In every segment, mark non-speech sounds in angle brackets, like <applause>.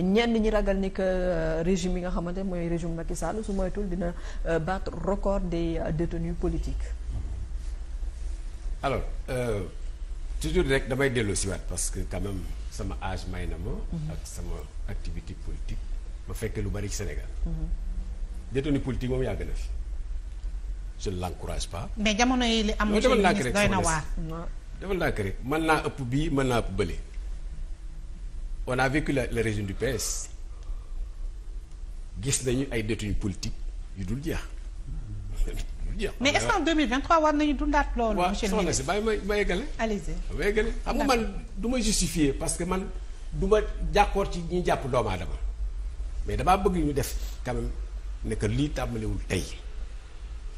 ñenn ñi ragal ni que euh, régime yi nga xamante mooy régime Macky Sall su moytul dina euh, baat record des euh, détenus politiques alors toujours rek damay dellu siwaat parce que quand sama âge may na ma mhm. ak sama activité politique ma fekk lu bari ci Sénégal mhm. détenu politique moom yàgg na fi je ne l'encourage pas mais jamono yi li am monsieur le ministre doy na waar defal lànk rek mën naa ëpp bii mën naa ëpp bële on a vécu le régime du PS gis nañu ay détenus politiques yu dul jeex. mais est-ce war nañu dundaat loolu. monsieur le ministre waaw soxna si bàyyi ma eggale. allez ma eggale xam nga man du ma justifier parce que man du ma jàkkoor ci ñi jàpp doomu mais damaa bëgg ñu def quand même ne que lii tàmbaliwul tey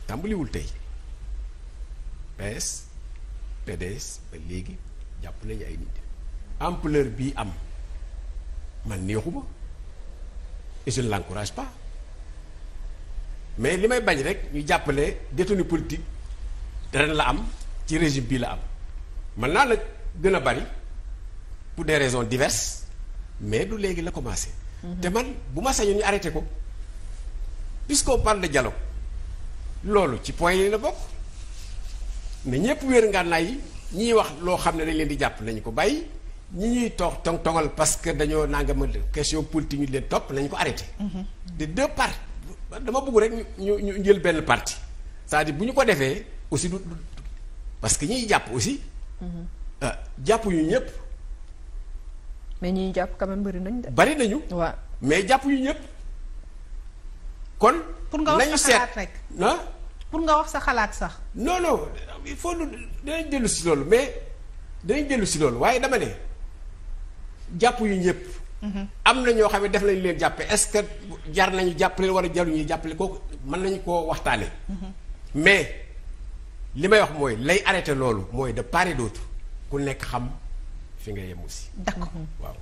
tàmbaliwul tey PS PDS ba léegi jàpp nañu ay nit ampleur bii am. man neexuma et je ne l'encourage pas mais li may bañ rek ñu jàppale détenu politique ren la am ci régime bii la am mën naa la gën a bari pour des raisons diverses mais du léegi la commencé. Mhm. te man bu ma sañoon ñu arrêté ko puisqu'on parle de dialogue loolu ci point yi la bokk ne ñëpp wéer ngànnaay yi ñiy wax loo xam ne dañ leen di jàpp nañu ko bàyyi. ñi ñuy toog tong tongal parce que dañoo nanga ma question politique ñu leen topp nañ ko arrêté. Mm-hmm. de deux parties dama bëgg rek ñu ñu ñu jël benn parti cest à bu ñu ko defee aussi du parce que ñu jàpp aussi. Mm-hmm. Euh, jàpp ñu ñëpp. mais ñiy jàpp quand même bari nañ bari nañu. waaw mais jàpp ñu ñëpp. kon. pour nga wax sa xalaat rek pour nga wax sa xalaat sax. non non il faut dinañ dellu si loolu mais dinañ dellu si loolu waaye dama ne. jàpp yu ñëpp. Mhm. am na ñoo xam ne def nañu leen jàppe est-ce que jar nañu jàppale wala jaruñuy jàppale kooku mën nañu koo waxtaane mhm. mais li may wax mooy lay arrêté loolu mooy de part et ku nekk xam fi nga yem aussi. d'accord mhm. waaw.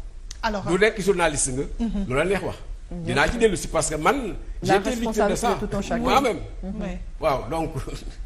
alors du nekk journaliste nga. lu la neex wax. dinaa ci dellu si que man. j'étais victime de ça moi-même. waaw donc. <laughs>